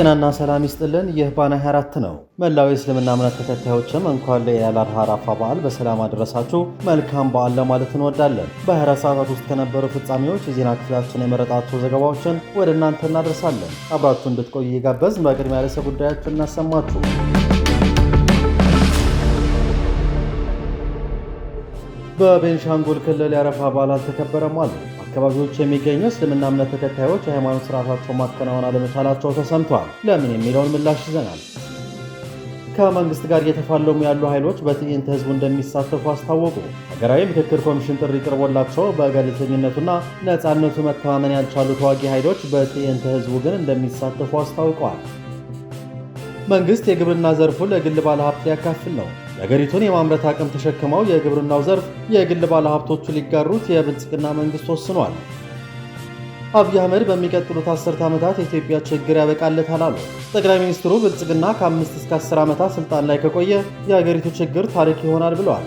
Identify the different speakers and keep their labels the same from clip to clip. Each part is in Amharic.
Speaker 1: ጤናና ሰላም ይስጥልን። ይህ ባና 24 ነው። መላው የእስልምና እምነት ተከታዮችም እንኳን ለኢድ አል አረፋ በዓል በሰላም አደረሳችሁ መልካም በዓል ለማለት እንወዳለን። ሰዓታት ውስጥ ከነበሩ ፍጻሜዎች የዜና ክፍላችን የመረጣቸው ዘገባዎችን ወደ እናንተ እናደርሳለን። አብራችሁ እንድትቆይ እየጋበዝ በቅድሚያ ርዕሰ ጉዳያችን እናሰማችሁ። በቤንሻንጉል ክልል የአረፋ በዓል አልተከበረም አሉ። አካባቢዎች የሚገኙ እስልምና እምነት ተከታዮች የሃይማኖት ስርዓታቸውን ማከናወን አለመቻላቸው ተሰምቷል። ለምን የሚለውን ምላሽ ይዘናል። ከመንግስት ጋር እየተፋለሙ ያሉ ኃይሎች በትዕይንተ ህዝቡ እንደሚሳተፉ አስታወቁ። ሀገራዊ ምክክር ኮሚሽን ጥሪ ቀርቦላቸው በገለልተኝነቱና ነፃነቱ መተማመን ያልቻሉ ተዋጊ ኃይሎች በትዕይንተ ህዝቡ ግን እንደሚሳተፉ አስታውቀዋል። መንግስት የግብርና ዘርፉን ለግል ባለሀብት ሊያካፍል ነው። የአገሪቱን የማምረት አቅም ተሸክመው የግብርናው ዘርፍ የግል ባለሀብቶቹ ሊጋሩት የብልጽግና መንግስት ወስኗል። አብይ አህመድ በሚቀጥሉት አስርተ ዓመታት የኢትዮጵያ ችግር ያበቃለታል አሉ ጠቅላይ ሚኒስትሩ። ብልጽግና ከአምስት እስከ አስር ዓመታት ስልጣን ላይ ከቆየ የአገሪቱ ችግር ታሪክ ይሆናል ብለዋል።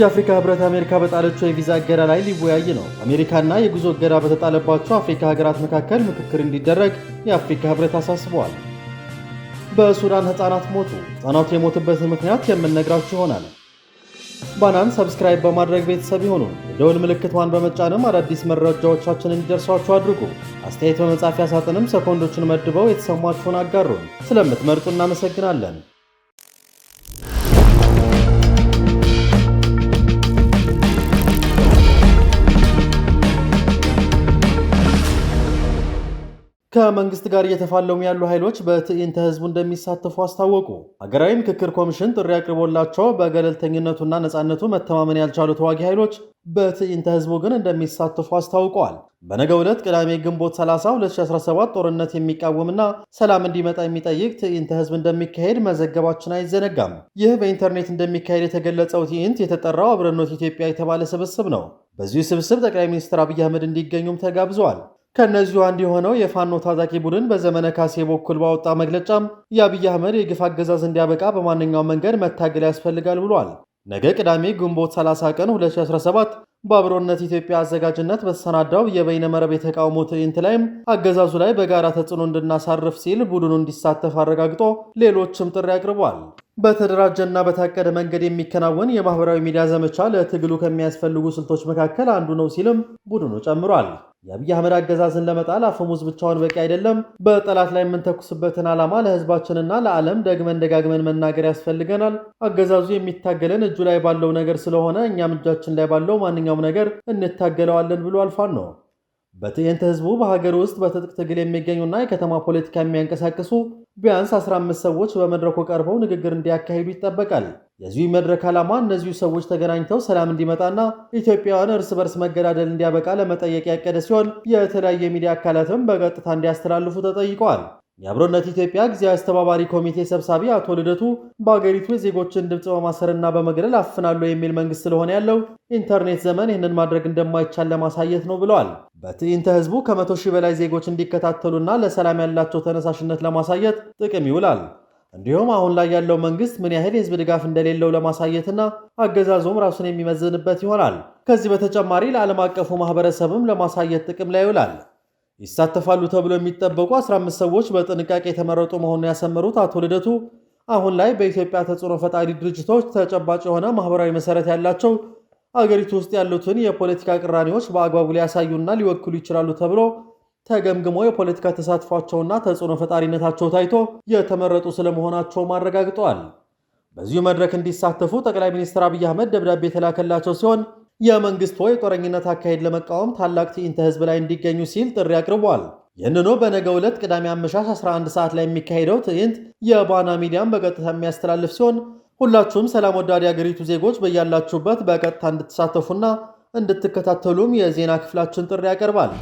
Speaker 1: የአፍሪካ ህብረት አሜሪካ በጣለችው የቪዛ እገዳ ላይ ሊወያይ ነው። አሜሪካና የጉዞ እገዳ በተጣለባቸው አፍሪካ ሀገራት መካከል ምክክር እንዲደረግ የአፍሪካ ህብረት አሳስበዋል። በሱዳን ህፃናት ሞቱ። ህፃናቱ የሞቱበትን ምክንያት የምንነግራችሁ ይሆናል። ባናን ሰብስክራይብ በማድረግ ቤተሰብ ይሁኑ። የደውል ምልክቷን በመጫንም አዳዲስ መረጃዎቻችን እንዲደርሷችሁ አድርጉ። አስተያየት በመጻፊያ ሳጥንም ሰኮንዶችን መድበው የተሰሟችሁን አጋሩን። ስለምትመርጡ እናመሰግናለን። ከመንግስት ጋር እየተፋለሙ ያሉ ኃይሎች በትዕይንተ ህዝቡ እንደሚሳተፉ አስታወቁ። ሀገራዊ ምክክር ኮሚሽን ጥሪ አቅርቦላቸው በገለልተኝነቱና ነፃነቱ መተማመን ያልቻሉ ተዋጊ ኃይሎች በትዕይንተ ህዝቡ ግን እንደሚሳተፉ አስታውቀዋል። በነገ ዕለት ቅዳሜ ግንቦት 30 2017 ጦርነት የሚቃወምና ሰላም እንዲመጣ የሚጠይቅ ትዕይንተ ህዝብ እንደሚካሄድ መዘገባችን አይዘነጋም። ይህ በኢንተርኔት እንደሚካሄድ የተገለጸው ትዕይንት የተጠራው አብረኖት ኢትዮጵያ የተባለ ስብስብ ነው። በዚሁ ስብስብ ጠቅላይ ሚኒስትር አብይ አህመድ እንዲገኙም ተጋብዘዋል። ከእነዚሁ አንድ የሆነው የፋኖ ታጣቂ ቡድን በዘመነ ካሴ በኩል ባወጣ መግለጫም የአብይ አህመድ የግፍ አገዛዝ እንዲያበቃ በማንኛውም መንገድ መታገል ያስፈልጋል ብሏል። ነገ ቅዳሜ ግንቦት 30 ቀን 2017 በአብሮነት ኢትዮጵያ አዘጋጅነት በተሰናዳው የበይነመረብ የተቃውሞ ትዕይንት ላይም አገዛዙ ላይ በጋራ ተጽዕኖ እንድናሳርፍ ሲል ቡድኑ እንዲሳተፍ አረጋግጦ ሌሎችም ጥሪ አቅርቧል። በተደራጀና በታቀደ መንገድ የሚከናወን የማህበራዊ ሚዲያ ዘመቻ ለትግሉ ከሚያስፈልጉ ስልቶች መካከል አንዱ ነው ሲልም ቡድኑ ጨምሯል። የአብይ አህመድ አገዛዝን ለመጣል አፈሙዝ ብቻውን በቂ አይደለም። በጠላት ላይ የምንተኩስበትን ዓላማ ለህዝባችንና ለዓለም ደግመን ደጋግመን መናገር ያስፈልገናል። አገዛዙ የሚታገለን እጁ ላይ ባለው ነገር ስለሆነ እኛም እጃችን ላይ ባለው ማንኛውም ነገር እንታገለዋለን ብሎ አልፋን ነው በትዕይንተ ህዝቡ በሀገር ውስጥ በትጥቅ ትግል የሚገኙና የከተማ ፖለቲካ የሚያንቀሳቅሱ ቢያንስ 15 ሰዎች በመድረኩ ቀርበው ንግግር እንዲያካሂዱ ይጠበቃል። የዚሁ መድረክ ዓላማ እነዚሁ ሰዎች ተገናኝተው ሰላም እንዲመጣና ኢትዮጵያውያን እርስ በርስ መገዳደል እንዲያበቃ ለመጠየቅ ያቀደ ሲሆን የተለያዩ የሚዲያ አካላትም በቀጥታ እንዲያስተላልፉ ተጠይቀዋል። የአብሮነት ኢትዮጵያ ጊዜያዊ አስተባባሪ ኮሚቴ ሰብሳቢ አቶ ልደቱ በአገሪቱ የዜጎችን ድምፅ በማሰርና በመግደል አፍናሉ የሚል መንግስት ስለሆነ ያለው ኢንተርኔት ዘመን ይህንን ማድረግ እንደማይቻል ለማሳየት ነው ብለዋል። በትዕይንተ ህዝቡ ከመቶ ሺህ በላይ ዜጎች እንዲከታተሉና ለሰላም ያላቸው ተነሳሽነት ለማሳየት ጥቅም ይውላል። እንዲሁም አሁን ላይ ያለው መንግስት ምን ያህል የህዝብ ድጋፍ እንደሌለው ለማሳየትና አገዛዞም ራሱን የሚመዝንበት ይሆናል። ከዚህ በተጨማሪ ለዓለም አቀፉ ማህበረሰብም ለማሳየት ጥቅም ላይ ይውላል። ይሳተፋሉ ተብሎ የሚጠበቁ 15 ሰዎች በጥንቃቄ የተመረጡ መሆኑን ያሰመሩት አቶ ልደቱ አሁን ላይ በኢትዮጵያ ተጽዕኖ ፈጣሪ ድርጅቶች ተጨባጭ የሆነ ማህበራዊ መሰረት ያላቸው አገሪቱ ውስጥ ያሉትን የፖለቲካ ቅራኔዎች በአግባቡ ሊያሳዩና ሊወክሉ ይችላሉ ተብሎ ተገምግሞ የፖለቲካ ተሳትፏቸውና ተጽዕኖ ፈጣሪነታቸው ታይቶ የተመረጡ ስለመሆናቸው አረጋግጠዋል። በዚሁ መድረክ እንዲሳተፉ ጠቅላይ ሚኒስትር አብይ አህመድ ደብዳቤ የተላከላቸው ሲሆን የመንግስት የጦረኝነት አካሄድ ለመቃወም ታላቅ ትዕይንተ ህዝብ ላይ እንዲገኙ ሲል ጥሪ አቅርቧል። ይህንኑ በነገ ዕለት ቅዳሜ አመሻሽ 11 ሰዓት ላይ የሚካሄደው ትዕይንት የባና ሚዲያም በቀጥታ የሚያስተላልፍ ሲሆን ሁላችሁም ሰላም ወዳድ የአገሪቱ ዜጎች በያላችሁበት በቀጥታ እንድትሳተፉና እንድትከታተሉም የዜና ክፍላችን ጥሪ ያቀርባል።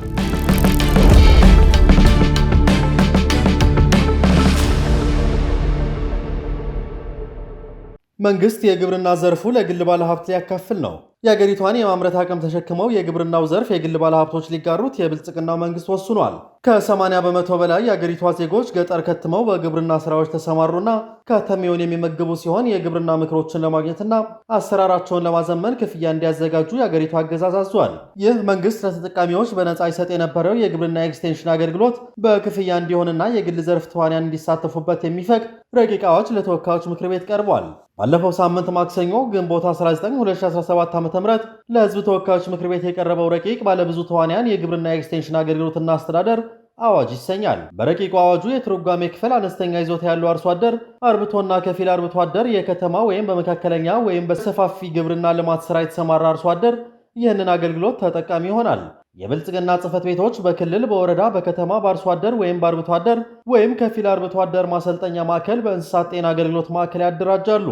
Speaker 1: መንግስት የግብርና ዘርፉ ለግል ባለሀብት ሊያካፍል ነው። የአገሪቷን የማምረት አቅም ተሸክመው የግብርናው ዘርፍ የግል ባለሀብቶች ሊጋሩት የብልጽግናው መንግስት ወስኗል። ከ80 በመቶ በላይ የአገሪቷ ዜጎች ገጠር ከትመው በግብርና ስራዎች ተሰማሩና ከተሜውን የሚመግቡ ሲሆን የግብርና ምክሮችን ለማግኘትና አሰራራቸውን ለማዘመን ክፍያ እንዲያዘጋጁ የአገሪቷ አገዛዝ አዟል። ይህ መንግስት ለተጠቃሚዎች በነፃ ይሰጥ የነበረው የግብርና ኤክስቴንሽን አገልግሎት በክፍያ እንዲሆንና የግል ዘርፍ ተዋንያን እንዲሳተፉበት የሚፈቅድ ረቂቃዎች ለተወካዮች ምክር ቤት ቀርቧል። ባለፈው ሳምንት ማክሰኞ ግንቦት 19 2017 ዓ ም ለህዝብ ተወካዮች ምክር ቤት የቀረበው ረቂቅ ባለብዙ ተዋንያን የግብርና ኤክስቴንሽን አገልግሎትና አስተዳደር አዋጅ ይሰኛል። በረቂቁ አዋጁ የትርጓሜ ክፍል አነስተኛ ይዞታ ያለው አርሶ አደር፣ አርብቶና ከፊል አርብቶ አደር፣ የከተማ ወይም በመካከለኛ ወይም በሰፋፊ ግብርና ልማት ስራ የተሰማራ አርሶ አደር ይህንን አገልግሎት ተጠቃሚ ይሆናል። የብልጽግና ጽሕፈት ቤቶች በክልል በወረዳ በከተማ በአርሶ አደር ወይም በአርብቶ አደር ወይም ከፊል አርብቶ አደር ማሰልጠኛ ማዕከል በእንስሳት ጤና አገልግሎት ማዕከል ያደራጃሉ።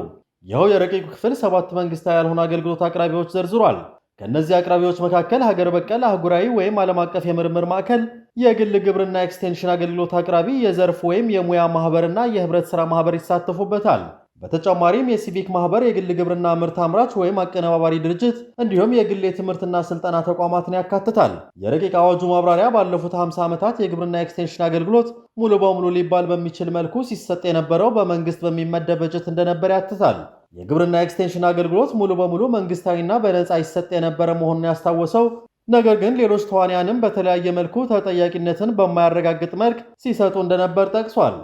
Speaker 1: ይኸው የረቂቁ ክፍል ሰባት መንግስታዊ ያልሆኑ አገልግሎት አቅራቢዎች ዘርዝሯል። ከእነዚህ አቅራቢዎች መካከል ሀገር በቀል አህጉራዊ ወይም ዓለም አቀፍ የምርምር ማዕከል፣ የግል ግብርና ኤክስቴንሽን አገልግሎት አቅራቢ፣ የዘርፍ ወይም የሙያ ማህበርና የህብረት ሥራ ማህበር ይሳተፉበታል። በተጨማሪም የሲቪክ ማህበር፣ የግል ግብርና ምርት አምራች ወይም አቀነባባሪ ድርጅት እንዲሁም የግል የትምህርትና ስልጠና ተቋማትን ያካትታል። የረቂቅ አዋጁ ማብራሪያ ባለፉት 50 ዓመታት የግብርና ኤክስቴንሽን አገልግሎት ሙሉ በሙሉ ሊባል በሚችል መልኩ ሲሰጥ የነበረው በመንግስት በሚመደብ በጀት እንደነበር ያትታል። የግብርና ኤክስቴንሽን አገልግሎት ሙሉ በሙሉ መንግስታዊና በነፃ ይሰጥ የነበረ መሆኑን ያስታወሰው ነገር ግን ሌሎች ተዋንያንም በተለያየ መልኩ ተጠያቂነትን በማያረጋግጥ መልክ ሲሰጡ እንደነበር ጠቅሷል።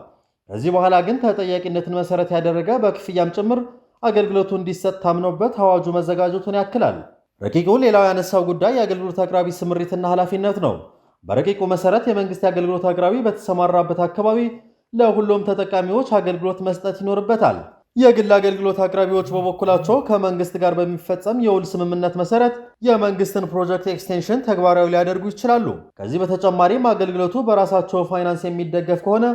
Speaker 1: ከዚህ በኋላ ግን ተጠያቂነትን መሰረት ያደረገ በክፍያም ጭምር አገልግሎቱ እንዲሰጥ ታምኖበት አዋጁ መዘጋጀቱን ያክላል። ረቂቁ ሌላው ያነሳው ጉዳይ የአገልግሎት አቅራቢ ስምሪትና ኃላፊነት ነው። በረቂቁ መሰረት የመንግስት የአገልግሎት አቅራቢ በተሰማራበት አካባቢ ለሁሉም ተጠቃሚዎች አገልግሎት መስጠት ይኖርበታል። የግል አገልግሎት አቅራቢዎች በበኩላቸው ከመንግስት ጋር በሚፈጸም የውል ስምምነት መሰረት የመንግስትን ፕሮጀክት ኤክስቴንሽን ተግባራዊ ሊያደርጉ ይችላሉ። ከዚህ በተጨማሪም አገልግሎቱ በራሳቸው ፋይናንስ የሚደገፍ ከሆነ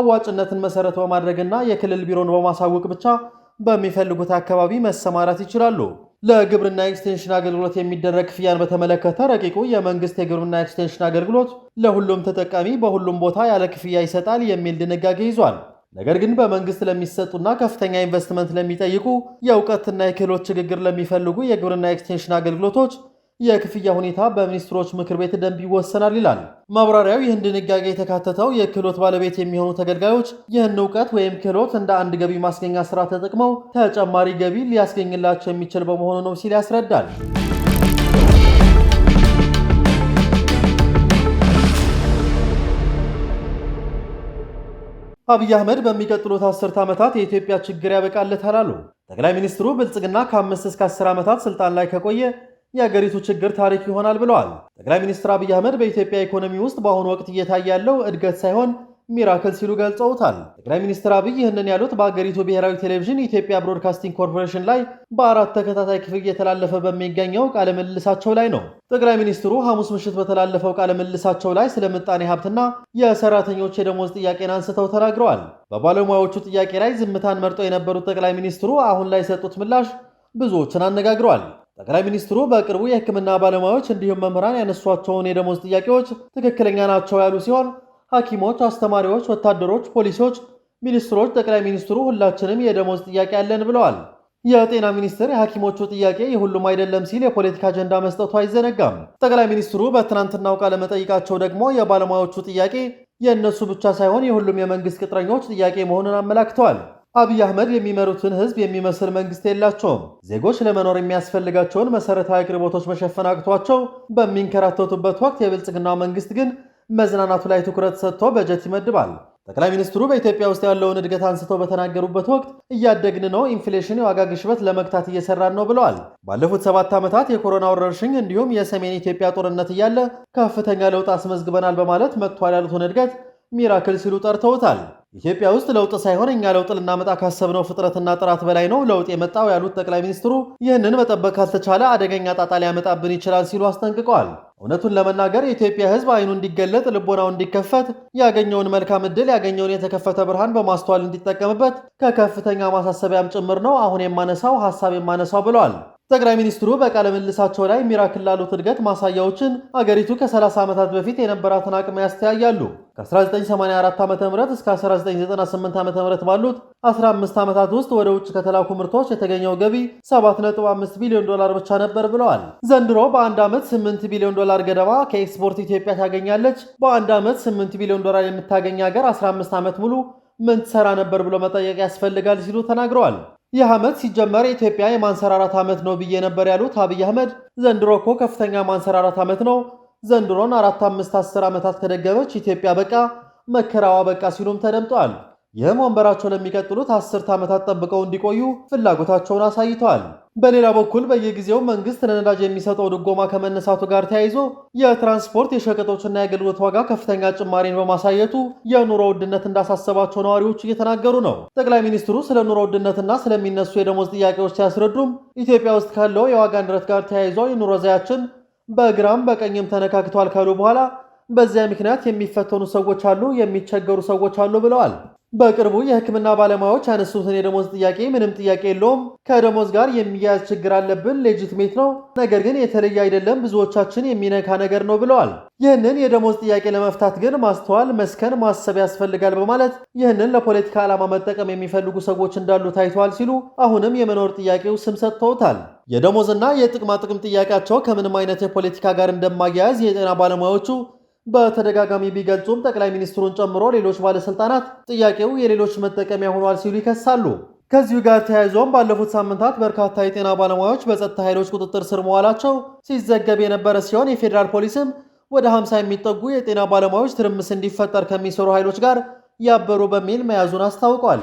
Speaker 1: አዋጭነትን መሰረት በማድረግና የክልል ቢሮን በማሳወቅ ብቻ በሚፈልጉት አካባቢ መሰማራት ይችላሉ። ለግብርና ኤክስቴንሽን አገልግሎት የሚደረግ ክፍያን በተመለከተ ረቂቁ የመንግስት የግብርና ኤክስቴንሽን አገልግሎት ለሁሉም ተጠቃሚ በሁሉም ቦታ ያለ ክፍያ ይሰጣል የሚል ድንጋጌ ይዟል። ነገር ግን በመንግስት ለሚሰጡና ከፍተኛ ኢንቨስትመንት ለሚጠይቁ የእውቀትና የክህሎት ሽግግር ለሚፈልጉ የግብርና ኤክስቴንሽን አገልግሎቶች የክፍያ ሁኔታ በሚኒስትሮች ምክር ቤት ደንብ ይወሰናል ይላል ማብራሪያው። ይህን ድንጋጌ የተካተተው የክህሎት ባለቤት የሚሆኑ ተገልጋዮች ይህን እውቀት ወይም ክህሎት እንደ አንድ ገቢ ማስገኛ ስራ ተጠቅመው ተጨማሪ ገቢ ሊያስገኝላቸው የሚችል በመሆኑ ነው ሲል ያስረዳል። አብይ አህመድ በሚቀጥሉት አስርት ዓመታት የኢትዮጵያ ችግር ያበቃለታል አሉ። ጠቅላይ ሚኒስትሩ ብልጽግና ከአምስት እስከ አስር ዓመታት ስልጣን ላይ ከቆየ የአገሪቱ ችግር ታሪክ ይሆናል ብለዋል። ጠቅላይ ሚኒስትር አብይ አህመድ በኢትዮጵያ ኢኮኖሚ ውስጥ በአሁኑ ወቅት እየታየ ያለው እድገት ሳይሆን ሚራክል ሲሉ ገልጸውታል። ጠቅላይ ሚኒስትር አብይ ይህንን ያሉት በአገሪቱ ብሔራዊ ቴሌቪዥን የኢትዮጵያ ብሮድካስቲንግ ኮርፖሬሽን ላይ በአራት ተከታታይ ክፍል እየተላለፈ በሚገኘው ቃለ ምልልሳቸው ላይ ነው። ጠቅላይ ሚኒስትሩ ሐሙስ ምሽት በተላለፈው ቃለ ምልልሳቸው ላይ ስለ ምጣኔ ሀብትና የሰራተኞች የደሞዝ ጥያቄን አንስተው ተናግረዋል። በባለሙያዎቹ ጥያቄ ላይ ዝምታን መርጠው የነበሩት ጠቅላይ ሚኒስትሩ አሁን ላይ የሰጡት ምላሽ ብዙዎችን አነጋግረዋል። ጠቅላይ ሚኒስትሩ በቅርቡ የሕክምና ባለሙያዎች እንዲሁም መምህራን ያነሷቸውን የደሞዝ ጥያቄዎች ትክክለኛ ናቸው ያሉ ሲሆን ሐኪሞች፣ አስተማሪዎች፣ ወታደሮች፣ ፖሊሶች፣ ሚኒስትሮች፣ ጠቅላይ ሚኒስትሩ ሁላችንም የደሞዝ ጥያቄ አለን ብለዋል። የጤና ሚኒስቴር የሐኪሞቹ ጥያቄ የሁሉም አይደለም ሲል የፖለቲካ አጀንዳ መስጠቱ አይዘነጋም። ጠቅላይ ሚኒስትሩ በትናንትናው ቃለ መጠይቃቸው ደግሞ የባለሙያዎቹ ጥያቄ የእነሱ ብቻ ሳይሆን የሁሉም የመንግስት ቅጥረኞች ጥያቄ መሆኑን አመላክተዋል። አብይ አህመድ የሚመሩትን ህዝብ የሚመስል መንግስት የላቸውም። ዜጎች ለመኖር የሚያስፈልጋቸውን መሰረታዊ አቅርቦቶች መሸፈን አቅቷቸው በሚንከራተቱበት ወቅት የብልጽግናው መንግስት ግን መዝናናቱ ላይ ትኩረት ሰጥቶ በጀት ይመድባል። ጠቅላይ ሚኒስትሩ በኢትዮጵያ ውስጥ ያለውን እድገት አንስተው በተናገሩበት ወቅት እያደግን ነው፣ ኢንፍሌሽን የዋጋ ግሽበት ለመግታት እየሰራን ነው ብለዋል። ባለፉት ሰባት ዓመታት የኮሮና ወረርሽኝ እንዲሁም የሰሜን ኢትዮጵያ ጦርነት እያለ ከፍተኛ ለውጥ አስመዝግበናል በማለት መጥቷል ያሉትን እድገት ሚራክል ሲሉ ጠርተውታል። ኢትዮጵያ ውስጥ ለውጥ ሳይሆን እኛ ለውጥ ልናመጣ ካሰብነው ፍጥረትና ጥራት በላይ ነው ለውጥ የመጣው ያሉት ጠቅላይ ሚኒስትሩ ይህንን መጠበቅ ካልተቻለ አደገኛ ጣጣ ሊያመጣብን ይችላል ሲሉ አስጠንቅቀዋል። እውነቱን ለመናገር የኢትዮጵያ ሕዝብ አይኑ እንዲገለጥ ልቦናው እንዲከፈት ያገኘውን መልካም ዕድል ያገኘውን የተከፈተ ብርሃን በማስተዋል እንዲጠቀምበት ከከፍተኛ ማሳሰቢያም ጭምር ነው አሁን የማነሳው ሀሳብ የማነሳው ብለዋል። ጠቅላይ ሚኒስትሩ በቃለ ምልሳቸው ላይ ሚራክል ላሉት እድገት ማሳያዎችን አገሪቱ ከ30 ዓመታት በፊት የነበራትን አቅም ያስተያያሉ። ከ1984 ዓ ም እስከ 1998 ዓ ም ባሉት 15 ዓመታት ውስጥ ወደ ውጭ ከተላኩ ምርቶች የተገኘው ገቢ 7.5 ቢሊዮን ዶላር ብቻ ነበር ብለዋል። ዘንድሮ በአንድ ዓመት 8 ቢሊዮን ዶላር ገደማ ከኤክስፖርት ኢትዮጵያ ታገኛለች። በአንድ ዓመት 8 ቢሊዮን ዶላር የምታገኝ ሀገር 15 ዓመት ሙሉ ምን ትሰራ ነበር ብሎ መጠየቅ ያስፈልጋል ሲሉ ተናግረዋል። ይህ ዓመት ሲጀመር የኢትዮጵያ የማንሰራራት ዓመት ነው ብዬ ነበር ያሉት አብይ አህመድ ዘንድሮ እኮ ከፍተኛ ማንሰራራት ዓመት ነው። ዘንድሮን አራት አምስት አስር ዓመታት ከደገመች ኢትዮጵያ በቃ መከራዋ በቃ ሲሉም ተደምጧል። ይህም ወንበራቸው ለሚቀጥሉት አስርት ዓመታት ጠብቀው እንዲቆዩ ፍላጎታቸውን አሳይተዋል። በሌላ በኩል በየጊዜው መንግስት ለነዳጅ የሚሰጠው ድጎማ ከመነሳቱ ጋር ተያይዞ የትራንስፖርት የሸቀጦችና የአገልግሎት ዋጋ ከፍተኛ ጭማሪን በማሳየቱ የኑሮ ውድነት እንዳሳሰባቸው ነዋሪዎች እየተናገሩ ነው። ጠቅላይ ሚኒስትሩ ስለ ኑሮ ውድነትና ስለሚነሱ የደሞዝ ጥያቄዎች ሲያስረዱም ኢትዮጵያ ውስጥ ካለው የዋጋ ንረት ጋር ተያይዞ የኑሮ ዘያችን በግራም በቀኝም ተነካክቷል ካሉ በኋላ በዚያ ምክንያት የሚፈተኑ ሰዎች አሉ፣ የሚቸገሩ ሰዎች አሉ ብለዋል። በቅርቡ የሕክምና ባለሙያዎች ያነሱትን የደሞዝ ጥያቄ ምንም ጥያቄ የለውም፣ ከደሞዝ ጋር የሚያያዝ ችግር አለብን፣ ሌጅትሜት ነው፣ ነገር ግን የተለየ አይደለም፣ ብዙዎቻችን የሚነካ ነገር ነው ብለዋል። ይህንን የደሞዝ ጥያቄ ለመፍታት ግን ማስተዋል፣ መስከን፣ ማሰብ ያስፈልጋል በማለት ይህንን ለፖለቲካ ዓላማ መጠቀም የሚፈልጉ ሰዎች እንዳሉ ታይተዋል ሲሉ አሁንም የመኖር ጥያቄው ስም ሰጥተውታል። የደሞዝና የጥቅማ ጥቅም ጥያቄያቸው ከምንም አይነት የፖለቲካ ጋር እንደማያያዝ የጤና ባለሙያዎቹ በተደጋጋሚ ቢገልጹም ጠቅላይ ሚኒስትሩን ጨምሮ ሌሎች ባለስልጣናት ጥያቄው የሌሎች መጠቀሚያ ሆኗል ሲሉ ይከሳሉ። ከዚሁ ጋር ተያይዞም ባለፉት ሳምንታት በርካታ የጤና ባለሙያዎች በጸጥታ ኃይሎች ቁጥጥር ስር መዋላቸው ሲዘገብ የነበረ ሲሆን የፌዴራል ፖሊስም ወደ 50 የሚጠጉ የጤና ባለሙያዎች ትርምስ እንዲፈጠር ከሚሰሩ ኃይሎች ጋር ያበሩ በሚል መያዙን አስታውቋል።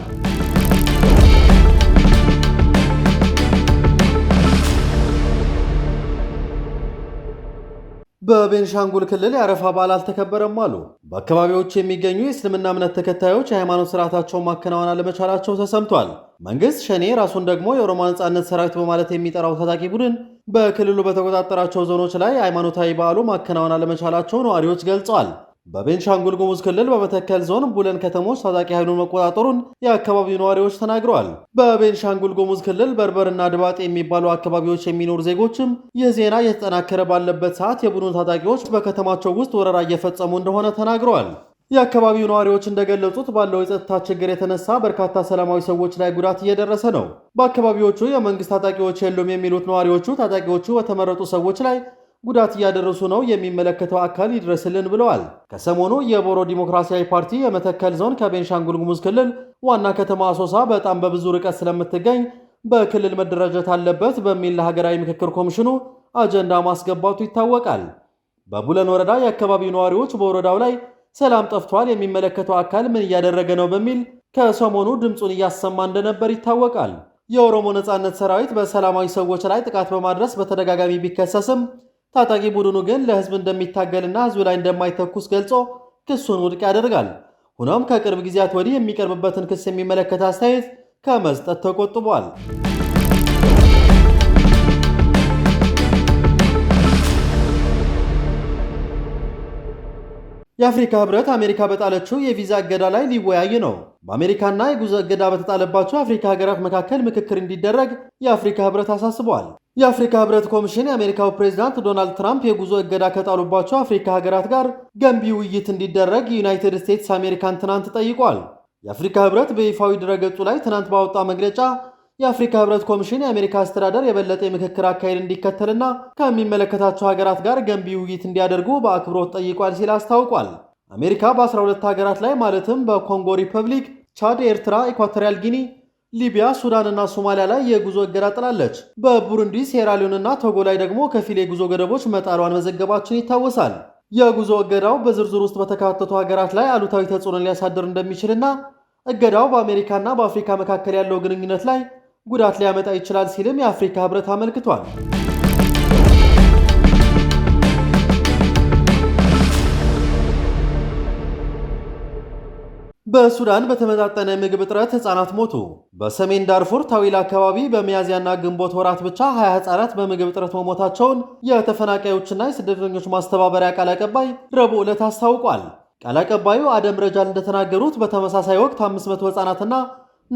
Speaker 1: በቤንሻንጉል ክልል የአረፋ በዓል አልተከበረም አሉ። በአካባቢዎች የሚገኙ የእስልምና እምነት ተከታዮች የሃይማኖት ስርዓታቸውን ማከናወን አለመቻላቸው ተሰምቷል። መንግስት ሸኔ ራሱን ደግሞ የኦሮሞ ነጻነት ሰራዊት በማለት የሚጠራው ታጣቂ ቡድን በክልሉ በተቆጣጠራቸው ዞኖች ላይ ሃይማኖታዊ በዓሉ ማከናወን አለመቻላቸው ነዋሪዎች ገልጸዋል። በቤንሻንጉል ጉሙዝ ክልል በመተከል ዞን ቡለን ከተሞች ታጣቂ ኃይሉን መቆጣጠሩን የአካባቢው ነዋሪዎች ተናግረዋል። በቤንሻንጉል ጉሙዝ ክልል በርበርና ድባጤ የሚባሉ አካባቢዎች የሚኖሩ ዜጎችም ይህ ዜና እየተጠናከረ ባለበት ሰዓት የቡድኑ ታጣቂዎች በከተማቸው ውስጥ ወረራ እየፈጸሙ እንደሆነ ተናግረዋል። የአካባቢው ነዋሪዎች እንደገለጹት ባለው የጸጥታ ችግር የተነሳ በርካታ ሰላማዊ ሰዎች ላይ ጉዳት እየደረሰ ነው። በአካባቢዎቹ የመንግስት ታጣቂዎች የሉም የሚሉት ነዋሪዎቹ ታጣቂዎቹ በተመረጡ ሰዎች ላይ ጉዳት እያደረሱ ነው፣ የሚመለከተው አካል ይድረስልን ብለዋል። ከሰሞኑ የቦሮ ዲሞክራሲያዊ ፓርቲ የመተከል ዞን ከቤንሻንጉል ጉሙዝ ክልል ዋና ከተማ አሶሳ በጣም በብዙ ርቀት ስለምትገኝ በክልል መደራጀት አለበት በሚል ለሀገራዊ ምክክር ኮሚሽኑ አጀንዳ ማስገባቱ ይታወቃል። በቡለን ወረዳ የአካባቢው ነዋሪዎች በወረዳው ላይ ሰላም ጠፍቷል፣ የሚመለከተው አካል ምን እያደረገ ነው በሚል ከሰሞኑ ድምፁን እያሰማ እንደነበር ይታወቃል። የኦሮሞ ነፃነት ሰራዊት በሰላማዊ ሰዎች ላይ ጥቃት በማድረስ በተደጋጋሚ ቢከሰስም ታጣቂ ቡድኑ ግን ለህዝብ እንደሚታገልና ህዝብ ላይ እንደማይተኩስ ገልጾ ክሱን ውድቅ ያደርጋል። ሆኖም ከቅርብ ጊዜያት ወዲህ የሚቀርብበትን ክስ የሚመለከት አስተያየት ከመስጠት ተቆጥቧል። የአፍሪካ ህብረት አሜሪካ በጣለችው የቪዛ እገዳ ላይ ሊወያይ ነው። በአሜሪካና የጉዞ እገዳ በተጣለባቸው አፍሪካ ሀገራት መካከል ምክክር እንዲደረግ የአፍሪካ ህብረት አሳስቧል። የአፍሪካ ህብረት ኮሚሽን የአሜሪካው ፕሬዚዳንት ዶናልድ ትራምፕ የጉዞ እገዳ ከጣሉባቸው አፍሪካ ሀገራት ጋር ገንቢ ውይይት እንዲደረግ ዩናይትድ ስቴትስ አሜሪካን ትናንት ጠይቋል። የአፍሪካ ህብረት በይፋዊ ድረገጹ ላይ ትናንት ባወጣ መግለጫ የአፍሪካ ህብረት ኮሚሽን የአሜሪካ አስተዳደር የበለጠ የምክክር አካሄድ እንዲከተልና ከሚመለከታቸው ሀገራት ጋር ገንቢ ውይይት እንዲያደርጉ በአክብሮት ጠይቋል ሲል አስታውቋል። አሜሪካ በ12 ሀገራት ላይ ማለትም በኮንጎ ሪፐብሊክ፣ ቻድ፣ ኤርትራ፣ ኢኳቶሪያል ጊኒ ሊቢያ ሱዳንና ሶማሊያ ላይ የጉዞ እገዳ ጥላለች። በቡሩንዲ ሴራሊዮንና ቶጎ ላይ ደግሞ ከፊል የጉዞ ገደቦች መጣሏን መዘገባችን ይታወሳል። የጉዞ እገዳው በዝርዝር ውስጥ በተካተቱ ሀገራት ላይ አሉታዊ ተጽዕኖ ሊያሳድር እንደሚችልና እገዳው በአሜሪካና በአፍሪካ መካከል ያለው ግንኙነት ላይ ጉዳት ሊያመጣ ይችላል ሲልም የአፍሪካ ህብረት አመልክቷል። በሱዳን በተመጣጠነ ምግብ እጥረት ህጻናት ሞቱ። በሰሜን ዳርፉር ታዊል አካባቢ በሚያዝያና ግንቦት ወራት ብቻ 20 ህጻናት በምግብ እጥረት መሞታቸውን የተፈናቃዮችና የስደተኞች ማስተባበሪያ ቃል አቀባይ ረቡዕ ዕለት አስታውቋል። ቃል አቀባዩ አደም ረጃል እንደተናገሩት በተመሳሳይ ወቅት 500 ህጻናትና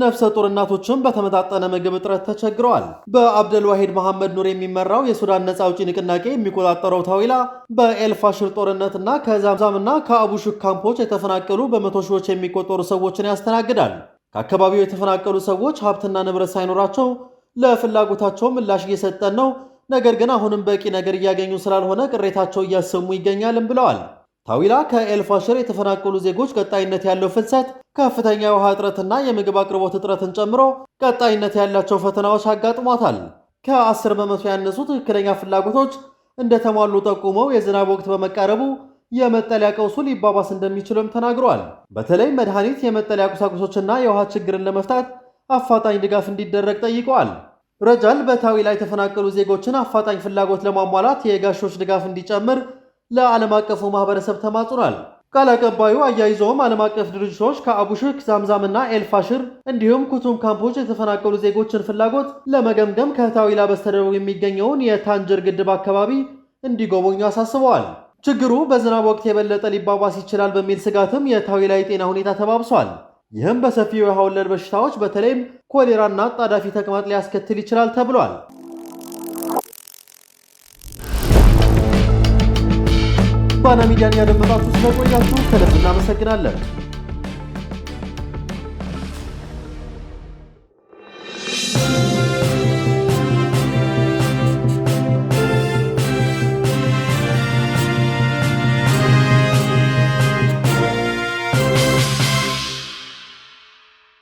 Speaker 1: ነፍሰ ጡር እናቶችም በተመጣጠነ ምግብ እጥረት ተቸግረዋል። በአብደል ዋሂድ መሐመድ ኑር የሚመራው የሱዳን ነጻ አውጪ ንቅናቄ የሚቆጣጠረው ታዊላ በኤልፋሽር ጦርነትና ከዛምዛምና ከአቡሹክ ካምፖች የተፈናቀሉ በመቶ ሺዎች የሚቆጠሩ ሰዎችን ያስተናግዳል። ከአካባቢው የተፈናቀሉ ሰዎች ሀብትና ንብረት ሳይኖራቸው ለፍላጎታቸው ምላሽ እየሰጠን ነው፣ ነገር ግን አሁንም በቂ ነገር እያገኙ ስላልሆነ ቅሬታቸው እያሰሙ ይገኛልም ብለዋል። ታዊላ ከኤልፋሽር የተፈናቀሉ ዜጎች ቀጣይነት ያለው ፍልሰት ከፍተኛ የውሃ እጥረትና የምግብ አቅርቦት እጥረትን ጨምሮ ቀጣይነት ያላቸው ፈተናዎች አጋጥሟታል። ከ10 በመቶ ያነሱ ትክክለኛ ፍላጎቶች እንደተሟሉ ጠቁመው የዝናብ ወቅት በመቃረቡ የመጠለያ ቀውሱ ሊባባስ እንደሚችልም ተናግሯል። በተለይ መድኃኒት፣ የመጠለያ ቁሳቁሶችና የውሃ ችግርን ለመፍታት አፋጣኝ ድጋፍ እንዲደረግ ጠይቀዋል። ረጃል በታዊላ የተፈናቀሉ ዜጎችን አፋጣኝ ፍላጎት ለማሟላት የጋሾች ድጋፍ እንዲጨምር ለዓለም አቀፉ ማህበረሰብ ተማጽኗል። ቃል አቀባዩ አያይዘውም ዓለም አቀፍ ድርጅቶች ከአቡሽክ ዛምዛምና ኤልፋሽር እንዲሁም ኩቱም ካምፖች የተፈናቀሉ ዜጎችን ፍላጎት ለመገምገም ከታዊላ በስተደቡብ የሚገኘውን የታንጀር ግድብ አካባቢ እንዲጎበኙ አሳስበዋል። ችግሩ በዝናብ ወቅት የበለጠ ሊባባስ ይችላል በሚል ስጋትም የታዊላ የጤና ሁኔታ ተባብሷል። ይህም በሰፊው የውሃ ወለድ በሽታዎች በተለይም ኮሌራና አጣዳፊ ተቅማጥ ሊያስከትል ይችላል ተብሏል። ባና ሚዲያን ያደመጣችሁ ስለቆያችሁ ከልብ እናመሰግናለን።